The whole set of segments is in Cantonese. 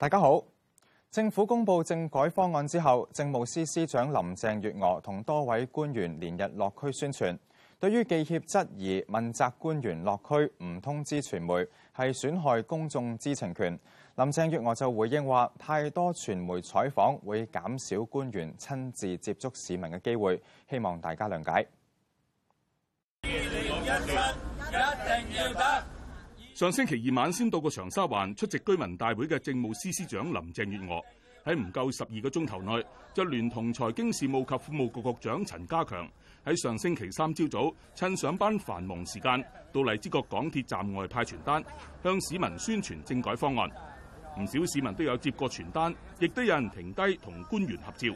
大家好，政府公布政改方案之後，政務司司長林鄭月娥同多位官員連日落區宣傳。對於記協質疑問責官員落區唔通知傳媒，係損害公眾知情權，林鄭月娥就回應話，太多傳媒採訪會減少官員親自接觸市民嘅機會，希望大家諒解。二上星期二晚先到過長沙灣出席居民大會嘅政務司司長林鄭月娥，喺唔夠十二個鐘頭內，就聯同財經事務及庫務局局長陳家強，喺上星期三朝早趁上班繁忙時間，到荔枝角港鐵站外派傳單，向市民宣傳政改方案。唔少市民都有接過傳單，亦都有人停低同官員合照。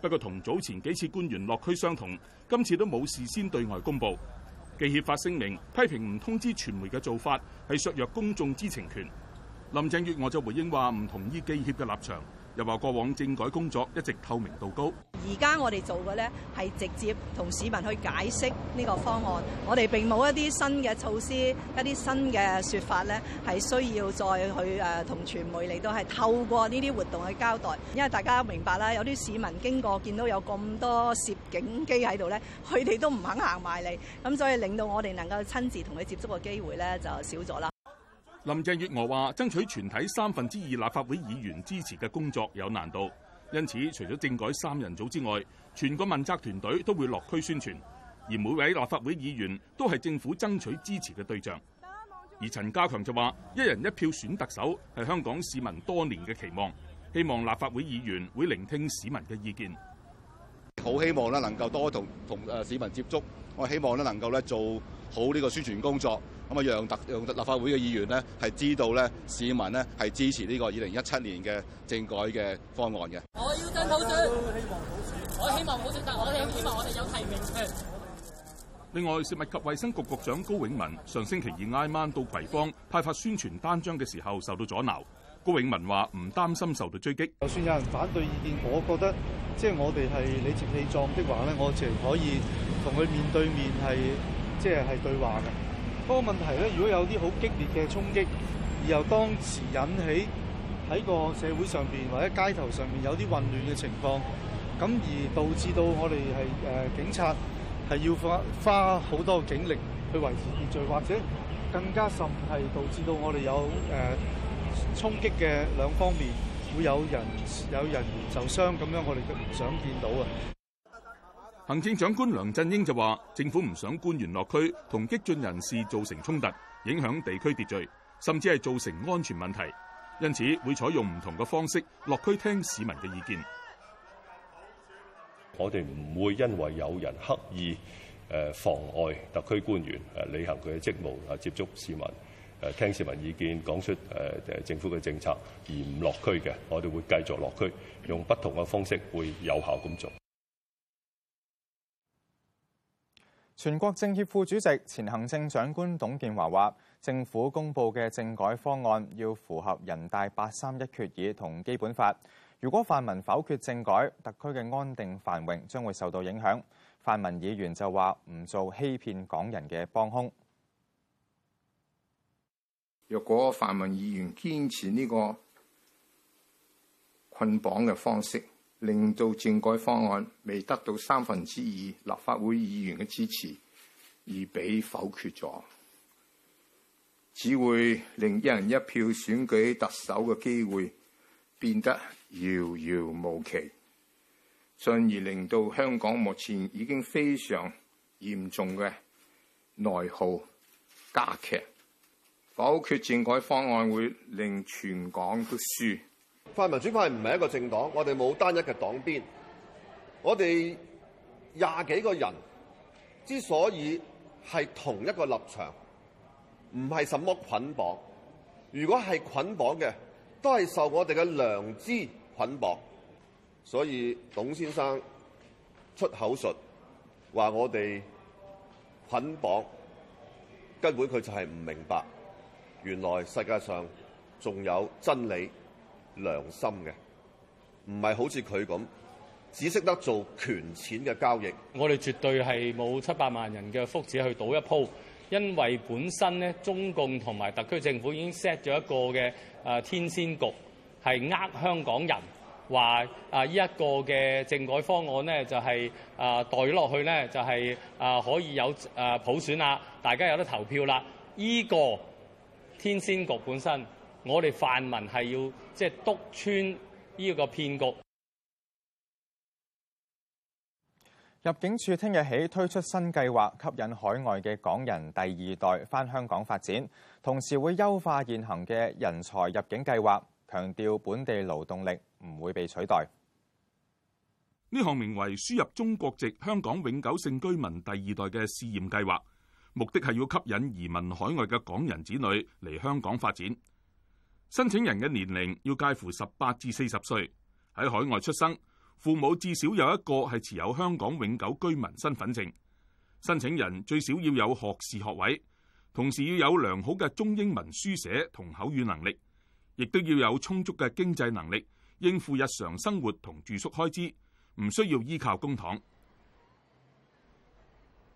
不過同早前幾次官員落區相同，今次都冇事先對外公佈。記協發聲明批評唔通知傳媒嘅做法係削弱公眾知情權。林鄭月娥就回應話唔同意記協嘅立場。又話過往政改工作一直透明度高，而家我哋做嘅咧係直接同市民去解釋呢個方案，我哋並冇一啲新嘅措施、一啲新嘅說法咧，係需要再去誒同傳媒嚟到係透過呢啲活動去交代，因為大家明白啦，有啲市民經過見到有咁多攝影機喺度咧，佢哋都唔肯行埋嚟，咁所以令到我哋能夠親自同佢接觸嘅機會咧就少咗啦。林鄭月娥話：爭取全體三分之二立法會議員支持嘅工作有難度，因此除咗政改三人組之外，全個問責團隊都會落區宣傳，而每位立法會議員都係政府爭取支持嘅對象。而陳家強就話：一人一票選特首係香港市民多年嘅期望，希望立法會議員會聆聽市民嘅意見，好希望咧能夠多同同誒市民接觸，我希望咧能夠咧做好呢個宣傳工作。咁啊，讓特讓立法會嘅議員呢係知道咧，市民呢係支持呢個二零一七年嘅政改嘅方案嘅。我要進口我希望冇選，我希希望我哋有提名嘅。另外，食物及衛生局局長高永文上星期二挨晚到葵芳派發宣傳單張嘅時候受到阻撓。高永文話：唔擔心受到追擊，就算有人反對意見，我覺得即係我哋係理直氣壯的話咧，我哋可以同佢面對面係即係係對話嘅。嗰、那個問題咧，如果有啲好激烈嘅衝擊，而又當時引起喺個社會上面或者街頭上面有啲混亂嘅情況，咁而導致到我哋係、呃、警察係要花花好多警力去維持秩序，或者更加甚係導致到我哋有誒、呃、衝擊嘅兩方面會有人有人員受傷，咁樣我哋都唔想見到啊！行政長官梁振英就話，政府唔想官員落區同激進人士造成衝突，影響地區秩序，甚至係造成安全問題，因此會採用唔同嘅方式落區聽市民嘅意見。我哋唔會因為有人刻意誒妨礙特區官員誒履行佢嘅職務啊，接觸市民誒聽市民意見，講出誒誒政府嘅政策而唔落區嘅，我哋會繼續落區，用不同嘅方式會有效工作。全國政協副主席、前行政長官董建華話，政府公布嘅政改方案要符合人大八三一決議同基本法。如果泛民否決政改，特區嘅安定繁榮將會受到影響。泛民議員就話：唔做欺騙港人嘅幫兇。若果泛民議員堅持呢個捆綁嘅方式，令到政改方案未得到三分之二立法會議員嘅支持而被否決咗，只會令一人一票選舉特首嘅機會變得遙遙無期，進而令到香港目前已經非常嚴重嘅內耗加劇。否決政改方案會令全港都輸。泛民主派唔係一個政黨，我哋冇單一嘅黨鞭，我哋廿幾個人之所以係同一個立場，唔係什麼捆綁，如果係捆綁嘅，都係受我哋嘅良知捆綁，所以董先生出口術話，我哋捆綁，根本佢就係唔明白。原來世界上仲有真理。良心嘅，唔係好似佢咁，只識得做權錢嘅交易。我哋絕對係冇七百萬人嘅福祉去賭一鋪，因為本身咧，中共同埋特區政府已經 set 咗一個嘅誒、呃、天仙局，係呃香港人，話啊呢一個嘅政改方案咧就係、是、誒、呃、袋落去咧就係、是、誒、呃、可以有誒、呃、普選啦，大家有得投票啦。依、這個天仙局本身，我哋泛民係要即係篤穿呢個騙局。入境處聽日起推出新計劃，吸引海外嘅港人第二代返香港發展，同時會優化現行嘅人才入境計劃，強調本地勞動力唔會被取代。呢項名為輸入中國籍香港永久性居民第二代嘅試驗計劃，目的係要吸引移民海外嘅港人子女嚟香港發展。申請人嘅年齡要介乎十八至四十歲，喺海外出生，父母至少有一個係持有香港永久居民身份證。申請人最少要有學士學位，同時要有良好嘅中英文書寫同口語能力，亦都要有充足嘅經濟能力應付日常生活同住宿開支，唔需要依靠公帑。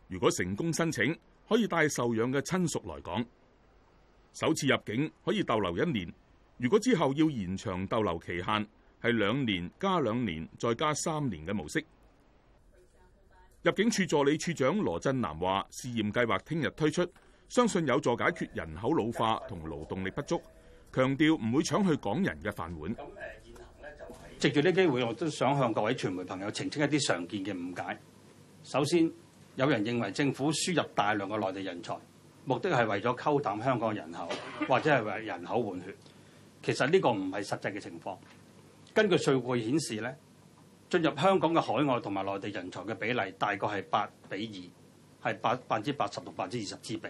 如果成功申請，可以帶受養嘅親屬來港，首次入境可以逗留一年。如果之後要延長逗留期限，係兩年加兩年再加三年嘅模式。入境處助理處長羅振南話：試驗計劃聽日推出，相信有助解決人口老化同勞動力不足，強調唔會搶去港人嘅飯碗。咁藉住呢機會，我都想向各位傳媒朋友澄清一啲常見嘅誤解。首先，有人認為政府輸入大量嘅內地人才，目的係為咗溝淡香港人口，或者係為人口換血。其實呢個唔係實際嘅情況。根據數據顯示呢，進入香港嘅海外同埋內地人才嘅比例大概係八比二，係百分之八十同百分之二十之比。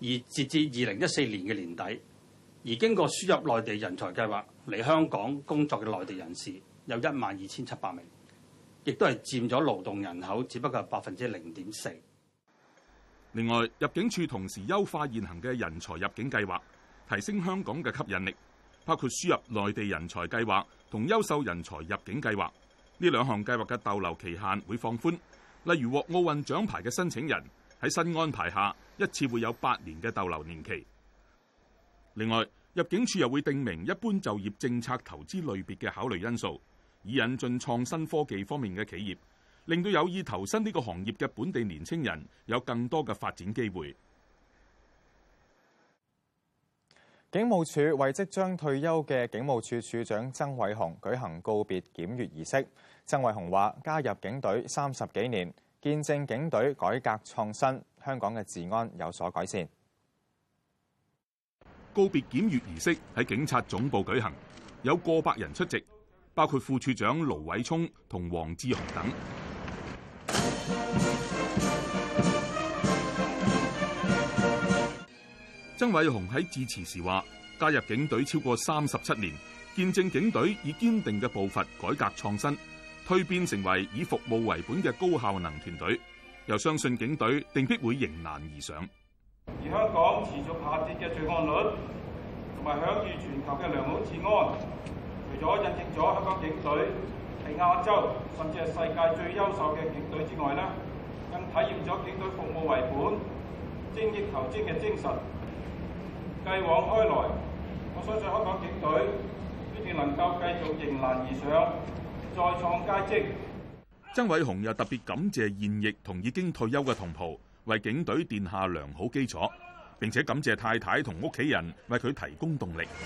而截至二零一四年嘅年底，而經過輸入內地人才計劃嚟香港工作嘅內地人士有一萬二千七百名，亦都係佔咗勞動人口只不過係百分之零點四。另外，入境處同時優化現行嘅人才入境計劃，提升香港嘅吸引力。包括輸入內地人才計劃同優秀人才入境計劃呢兩項計劃嘅逗留期限會放寬，例如獲奧運獎牌嘅申請人喺新安排下，一次會有八年嘅逗留年期。另外，入境處又會定明一般就業政策投資類別嘅考慮因素，以引進創新科技方面嘅企業，令到有意投身呢個行業嘅本地年青人有更多嘅發展機會。警務署為即將退休嘅警務處處長曾偉雄舉行告別檢閱儀式。曾偉雄話：加入警隊三十幾年，見證警隊改革創新，香港嘅治安有所改善。告別檢閱儀式喺警察總部舉行，有過百人出席，包括副處長盧偉聰同黃志雄等。曾偉雄喺致辭時話：加入警隊超過三十七年，見證警隊以堅定嘅步伐改革創新，蛻變成為以服務為本嘅高效能團隊。又相信警隊定必會迎難而上。而香港持續下跌嘅罪案率，同埋享譽全球嘅良好治安，除咗印證咗香港警隊係亞洲甚至係世界最優秀嘅警隊之外呢，更體現咗警隊服務為本、精益求精嘅精神。繼往開來，我相信香港警隊必定能夠繼續迎難而上，再創佳績。曾偉雄又特別感謝現役同已經退休嘅同袍，為警隊奠下良好基礎。並且感謝太太同屋企人為佢提供動力。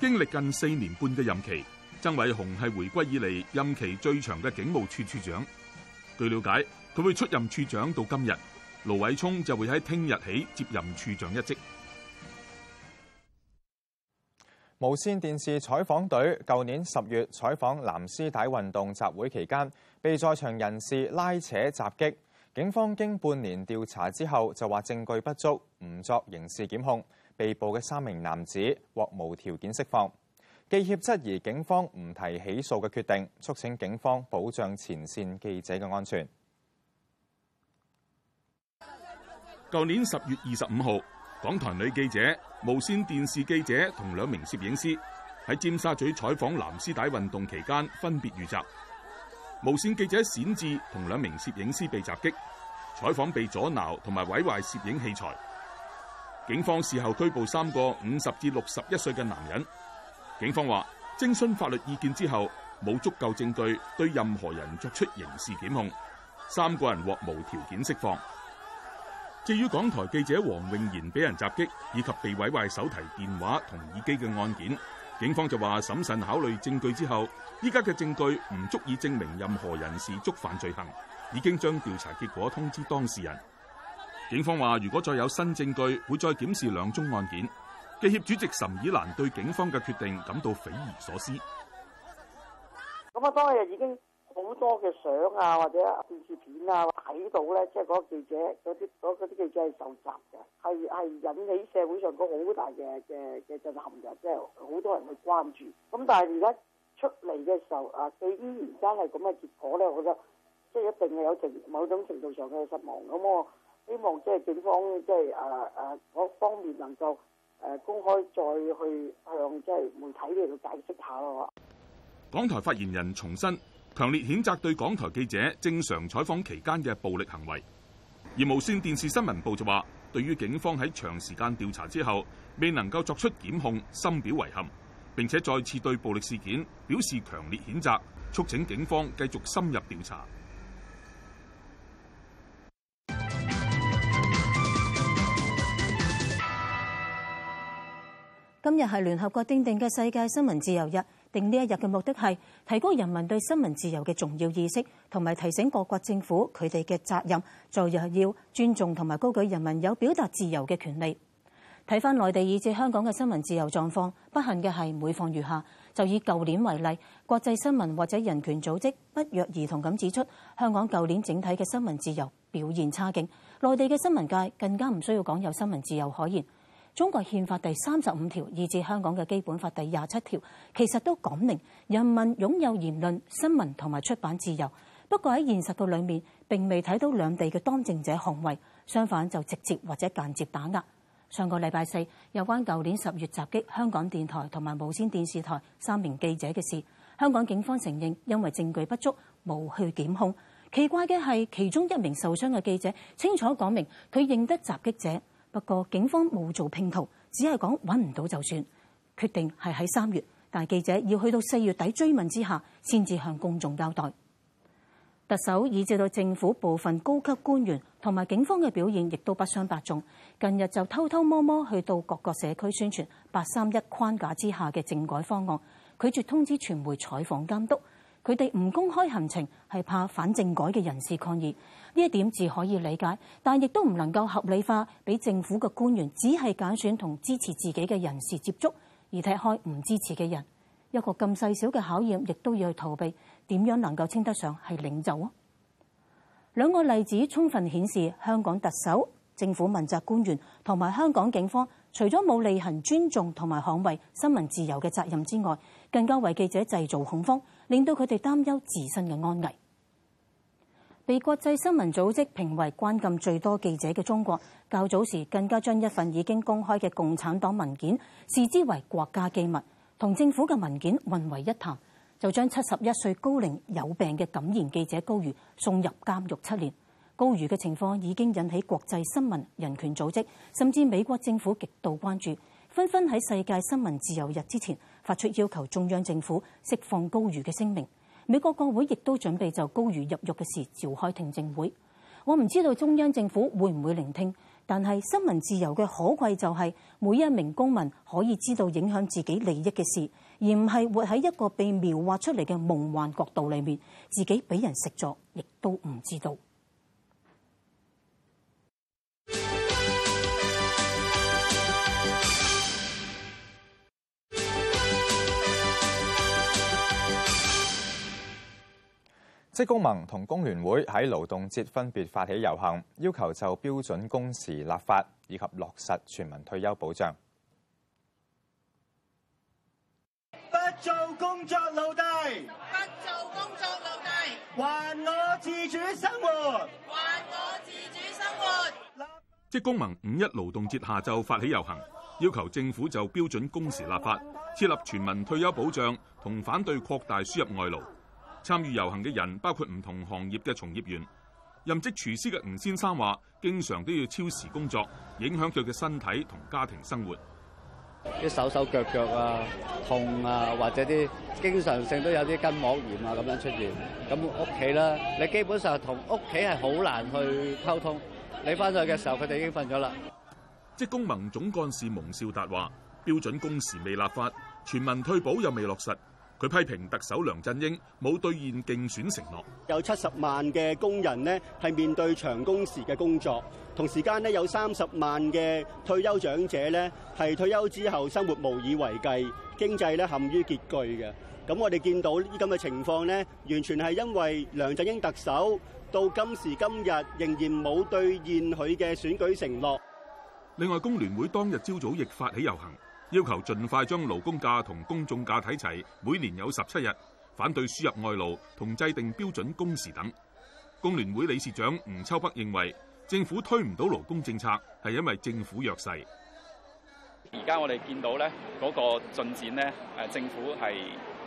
經歷近四年半嘅任期。曾偉雄係回歸以嚟任期最長嘅警務處處長。據了解，佢會出任處長到今日，盧偉聰就會喺聽日起接任處長一職。無綫電視採訪隊舊年十月採訪藍絲帶運動集會期間，被在場人士拉扯襲擊。警方經半年調查之後，就話證據不足，唔作刑事檢控。被捕嘅三名男子獲無條件釋放。記者質疑警方唔提起訴嘅決定，促請警方保障前線記者嘅安全。舊年十月二十五號，港台女記者無線電視記者同兩名攝影師喺尖沙咀採訪藍絲帶運動期間，分別遇襲。無線記者冼智同兩名攝影師被襲擊，採訪被阻撓同埋毀壞攝影器材。警方事後拘捕三個五十至六十一歲嘅男人。警方話，徵詢法律意見之後，冇足夠證據對任何人作出刑事檢控。三個人獲無條件釋放。至於港台記者黃穎賢被人襲擊以及被毀壞手提電話同耳機嘅案件，警方就話審慎考慮證據之後，依家嘅證據唔足以證明任何人是觸犯罪行，已經將調查結果通知當事人。警方話，如果再有新證據，會再檢視兩宗案件。記協主席岑以蘭對警方嘅決定感到匪夷所思。咁啊，當日已經好多嘅相啊，或者電視片啊睇到咧，即係嗰記者嗰啲嗰嗰啲記者係受襲嘅，係係引起社會上個好大嘅嘅嘅震撼嘅，即係好多人去關注。咁但係而家出嚟嘅時候啊，佢依然真係咁嘅結果咧，我覺得即係一定係有程某種程度上嘅失望。咁我希望即係警方即係誒誒嗰方面能夠。誒公開再去向即係媒體解釋下咯。港台發言人重申，強烈譴責對港台記者正常採訪期間嘅暴力行為。而無線電視新聞部就話，對於警方喺長時間調查之後未能夠作出檢控，深表遺憾。並且再次對暴力事件表示強烈譴責，促請警方繼續深入調查。今日係聯合國訂定嘅世界新聞自由日，定呢一日嘅目的係提高人民對新聞自由嘅重要意識，同埋提醒各國政府佢哋嘅責任，就係要尊重同埋高舉人民有表達自由嘅權利。睇翻內地以至香港嘅新聞自由狀況，不幸嘅係每況愈下。就以舊年為例，國際新聞或者人權組織不約而同咁指出，香港舊年整體嘅新聞自由表現差勁，內地嘅新聞界更加唔需要講有新聞自由可言。中國憲法第三十五條，以至香港嘅基本法第廿七條，其實都講明人民擁有言論、新聞同埋出版自由。不過喺現實嘅裏面，並未睇到兩地嘅當政者行為，相反就直接或者間接打壓。上個禮拜四，有關舊年十月襲擊香港電台同埋無線電視台三名記者嘅事，香港警方承認因為證據不足冇去檢控。奇怪嘅係，其中一名受傷嘅記者清楚講明佢認得襲擊者。不過警方冇做拼圖，只係講揾唔到就算，決定係喺三月。但記者要去到四月底追問之下，先至向公眾交代。特首以至到政府部分高級官員同埋警方嘅表現，亦都不相伯仲。近日就偷偷摸摸去到各個社區宣傳八三一框架之下嘅政改方案，拒絕通知傳媒採訪監督。佢哋唔公開行程係怕反政改嘅人士抗議，呢一點自可以理解，但亦都唔能夠合理化俾政府嘅官員只係揀選同支持自己嘅人士接觸，而踢開唔支持嘅人。一個咁細小嘅考驗，亦都要去逃避，點樣能夠稱得上係領袖啊？兩個例子充分顯示，香港特首、政府問責官員同埋香港警方，除咗冇履行尊重同埋捍衞新聞自由嘅責任之外，更加為記者製造恐慌。令到佢哋擔憂自身嘅安危，被國際新聞組織評為關禁最多記者嘅中國，較早時更加將一份已經公開嘅共產黨文件視之為國家機密，同政府嘅文件混為一談，就將七十一歲高齡有病嘅敢言記者高瑜送入監獄七年。高瑜嘅情況已經引起國際新聞人權組織，甚至美國政府極度關注，紛紛喺世界新聞自由日之前，發出要求中央政府釋放高瑜嘅聲明，美國國會亦都準備就高瑜入獄嘅事召開聽證會。我唔知道中央政府會唔會聆聽，但係新聞自由嘅可貴就係每一名公民可以知道影響自己利益嘅事，而唔係活喺一個被描畫出嚟嘅夢幻國度裏面，自己俾人食咗亦都唔知道。職工盟同工聯會喺勞動節分別發起遊行，要求就標準工時立法以及落實全民退休保障。不做工作奴隸，做工作奴隸，做工作奴隸，還我自主生活，還我自主生活。職工盟五一勞動節下晝發起遊行，要求政府就標準工時立法、設立全民退休保障同反對擴大輸入外勞。參與遊行嘅人包括唔同行業嘅從業員。任職廚師嘅吳先生話：，經常都要超時工作，影響佢嘅身體同家庭生活。啲手手腳腳啊，痛啊，或者啲經常性都有啲筋膜炎啊咁樣出現。咁屋企啦，你基本上同屋企係好難去溝通。你翻去嘅時候，佢哋已經瞓咗啦。職工盟總幹事蒙兆達話：，標準工時未立法，全民退保又未落實。佢批評特首梁振英冇兌現競選承諾，有七十萬嘅工人咧係面對長工時嘅工作，同時間咧有三十萬嘅退休長者咧係退休之後生活無以為繼，經濟咧陷於拮據嘅。咁我哋見到呢咁嘅情況咧，完全係因為梁振英特首到今時今日仍然冇兌現佢嘅選舉承諾。另外，工聯會當日朝早亦發起遊行。要求盡快將勞工假同公眾假睇齊，每年有十七日。反對輸入外勞同制定標準工時等。工聯會理事長吳秋北認為，政府推唔到勞工政策係因為政府弱勢。而家我哋見到咧，嗰個進展咧，誒政府係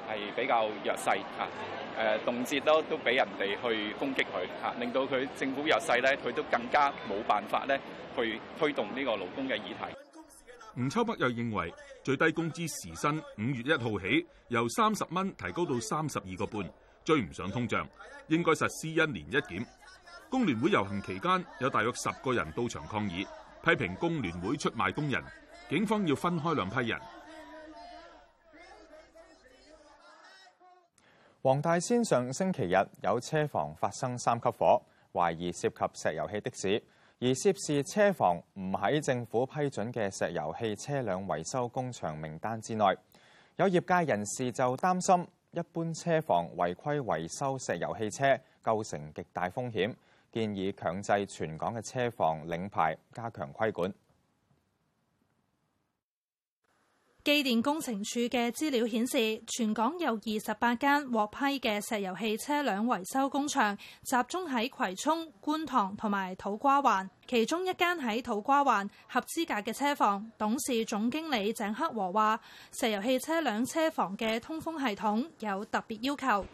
係比較弱勢嚇，誒動輒都都俾人哋去攻擊佢嚇，令到佢政府弱勢咧，佢都更加冇辦法咧去推動呢個勞工嘅議題。吳秋北又認為最低工資時薪五月一號起由三十蚊提高到三十二個半，追唔上通脹，應該實施一年一檢。工聯會遊行期間有大約十個人到場抗議，批評工聯會出賣工人。警方要分開兩批人。黃大仙上星期日有車房發生三級火，懷疑涉及石油氣的士。而涉事車房唔喺政府批准嘅石油氣車輛維修工場名單之內，有業界人士就擔心一般車房違規維修石油氣車構成極大風險，建議強制全港嘅車房領牌，加強規管。機電工程署嘅資料顯示，全港有二十八間獲批嘅石油氣車輛維修工廠，集中喺葵涌、觀塘同埋土瓜灣。其中一間喺土瓜灣合資格嘅車房董事總經理鄭克和話：石油氣車輛車房嘅通風系統有特別要求，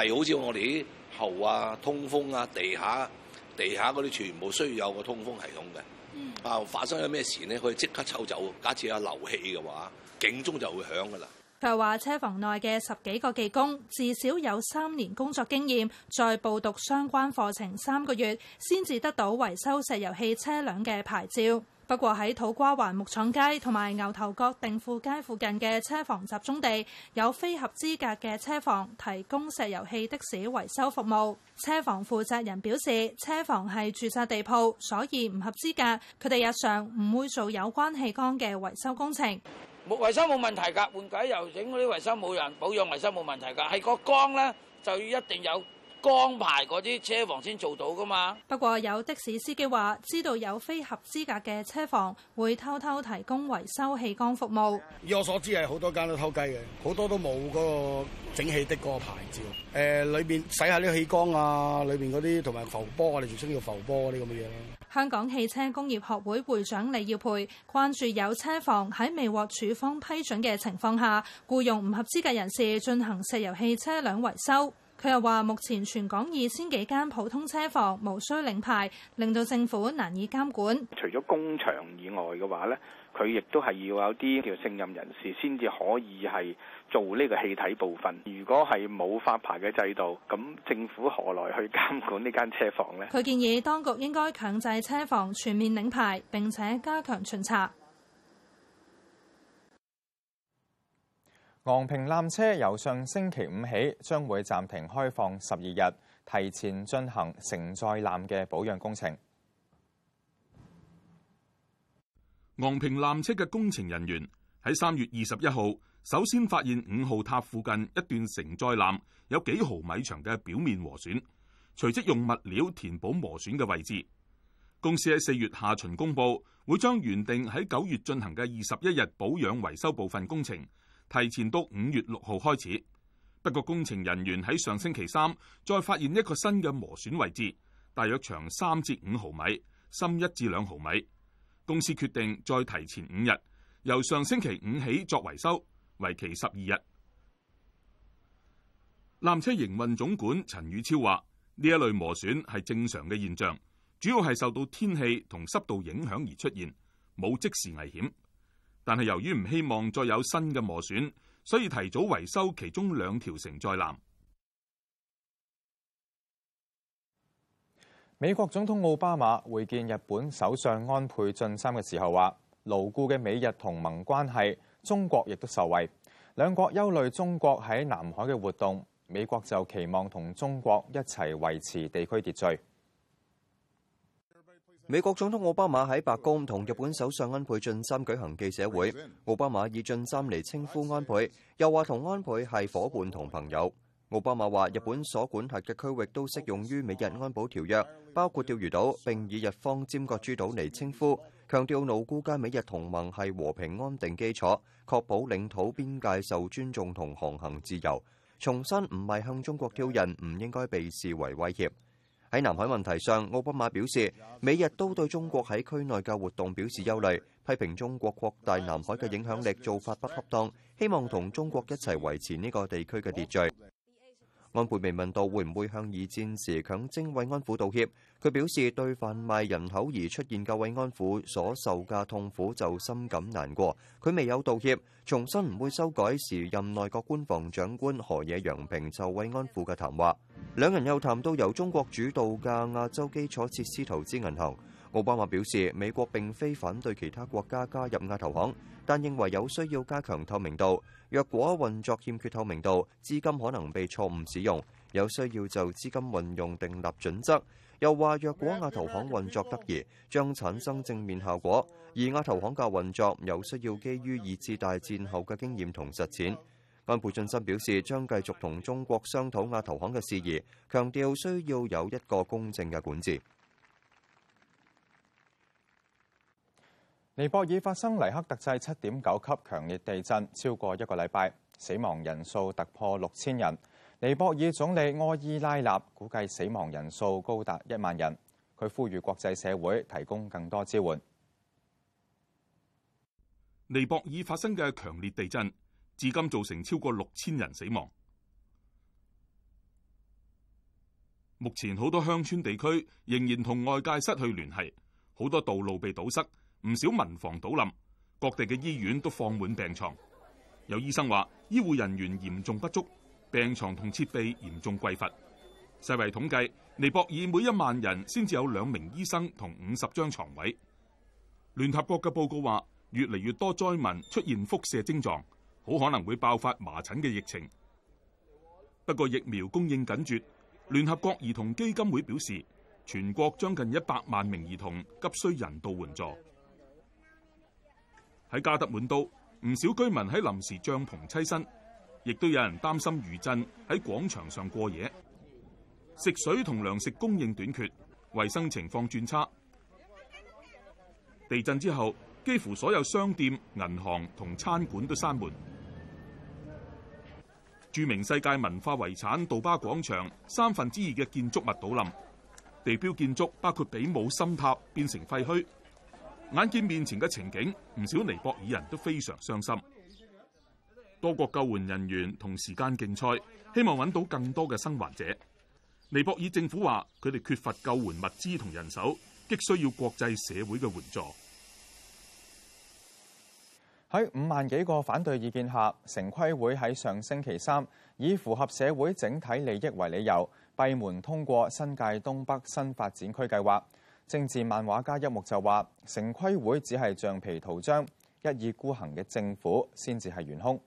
例如好似我哋啲喉啊、通風啊、地下、地下嗰啲全部需要有個通風系統嘅。嗯，啊發生咗咩事呢？可以即刻抽走。假設有漏氣嘅話。警鐘就會響噶啦。佢話：車房內嘅十幾個技工至少有三年工作經驗，再報讀相關課程三個月先至得到維修石油氣車輛嘅牌照。不過喺土瓜灣木廠街同埋牛頭角定富街附近嘅車房集中地，有非合資格嘅車房提供石油氣的士維修服務。車房負責人表示，車房係註冊地鋪，所以唔合資格。佢哋日常唔會做有關氣缸嘅維修工程。維修冇問題㗎，換底又整嗰啲維修冇人保養，維修冇問題㗎。係個缸咧，就要一定要有缸牌嗰啲車房先做到㗎嘛。不過有的士司機話，知道有非合資格嘅車房會偷偷提供維修氣缸服務。以我所知係好多間都偷雞嘅，好多都冇嗰個整氣的嗰個牌照。誒、呃，裏面洗一下啲氣缸啊，裏面嗰啲同埋浮波，我哋仲需要浮波啲咁嘅嘢。香港汽車工業學會會長李耀培關注有車房喺未獲署方批准嘅情況下，僱用唔合資格人士進行石油氣車輛維修。佢又話：目前全港二千幾間普通車房無需領牌，令到政府難以監管。除咗工場以外嘅話呢。佢亦都係要有啲叫勝任人士先至可以係做呢個氣體部分。如果係冇發牌嘅制度，咁政府何來去監管呢間車房呢？佢建議當局應該強制車房全面領牌，並且加強巡查。昂坪纜車由上星期五起將會暫停開放十二日，提前進行承載纜嘅保養工程。昂坪纜車嘅工程人員喺三月二十一號首先發現五號塔附近一段承載纜有幾毫米長嘅表面磨損，隨即用物料填補磨損嘅位置。公司喺四月下旬公佈會將原定喺九月進行嘅二十一日保養維修部分工程提前到五月六號開始。不過，工程人員喺上星期三再發現一個新嘅磨損位置，大約長三至五毫米，深一至兩毫米。公司決定再提前五日，由上星期五起作維修，為期十二日。纜車營運總管陳宇超話：呢一類磨損係正常嘅現象，主要係受到天氣同濕度影響而出現，冇即時危險。但係由於唔希望再有新嘅磨損，所以提早維修其中兩條承載纜。美國總統奧巴馬會見日本首相安倍晉三嘅時候話，牢固嘅美日同盟關係，中國亦都受惠。兩國憂慮中國喺南海嘅活動，美國就期望同中國一齊維持地區秩序。美國總統奧巴馬喺白宮同日本首相安倍晉三舉行記者會，奧巴馬以晉三嚟稱呼安倍，又話同安倍係伙伴同朋友。奧巴馬話：日本所管轄嘅區域都適用於美日安保條約，包括釣魚島，並以日方尖閣諸島嚟稱呼，強調牢固嘅美日同盟係和平安定基礎，確保領土邊界受尊重同航行自由。重申唔係向中國挑釁，唔應該被視為威脅。喺南海問題上，奧巴馬表示，美日都對中國喺區內嘅活動表示憂慮，批評中國擴大南海嘅影響力做法不恰當，希望同中國一齊維持呢個地區嘅秩序。安倍未問到會唔會向二戰時強徵慰安婦道歉，佢表示對販賣人口而出現嘅慰安婦所受嘅痛苦就深感難過，佢未有道歉，重申唔會修改時任內閣官房長官河野洋平就慰安婦嘅談話。兩人又談到由中國主導嘅亞洲基礎設施投資銀行。奧巴馬表示，美國並非反對其他國家加入亞投行，但認為有需要加強透明度。若果運作欠缺透明度，資金可能被錯誤使用，有需要就資金運用訂立準則。又話若果亞投行運作得宜，將產生正面效果。而亞投行嘅運作有需要基於二次大戰後嘅經驗同實踐。安倍晉三表示，將繼續同中國商討亞投行嘅事宜，強調需要有一個公正嘅管治。尼泊爾發生黎克特制七點九級強烈地震，超過一個禮拜，死亡人數突破六千人。尼泊爾總理柯伊拉納估計死亡人數高達一萬人，佢呼籲國際社會提供更多支援。尼泊爾發生嘅強烈地震，至今造成超過六千人死亡。目前好多鄉村地區仍然同外界失去聯繫，好多道路被堵塞。唔少民房倒冧，各地嘅醫院都放滿病床。有醫生話，醫護人員嚴重不足，病床同設備嚴重匱乏。世衛統計，尼泊爾每一萬人先至有兩名醫生同五十張床位。聯合國嘅報告話，越嚟越多災民出現輻射症狀，好可能會爆發麻疹嘅疫情。不過疫苗供應緊缺，聯合國兒童基金會表示，全國將近一百萬名兒童急需人道援助。喺加德滿都，唔少居民喺臨時帳篷棲身，亦都有人擔心餘震喺廣場上過夜。食水同糧食供應短缺，衛生情況轉差。地震之後，幾乎所有商店、銀行同餐館都閂門，著名世界文化遺產杜巴廣場三分之二嘅建築物倒冧，地標建築包括比姆森塔變成廢墟。眼見面前嘅情景，唔少尼泊爾人都非常傷心。多國救援人員同時間競賽，希望搵到更多嘅生還者。尼泊爾政府話，佢哋缺乏救援物資同人手，極需要國際社會嘅援助。喺五萬幾個反對意見下，城規會喺上星期三以符合社會整體利益為理由，閉門通過新界東北新發展區計劃。政治漫畫家一幕就話城規會只係橡皮圖章，一意孤行嘅政府先至係元兇。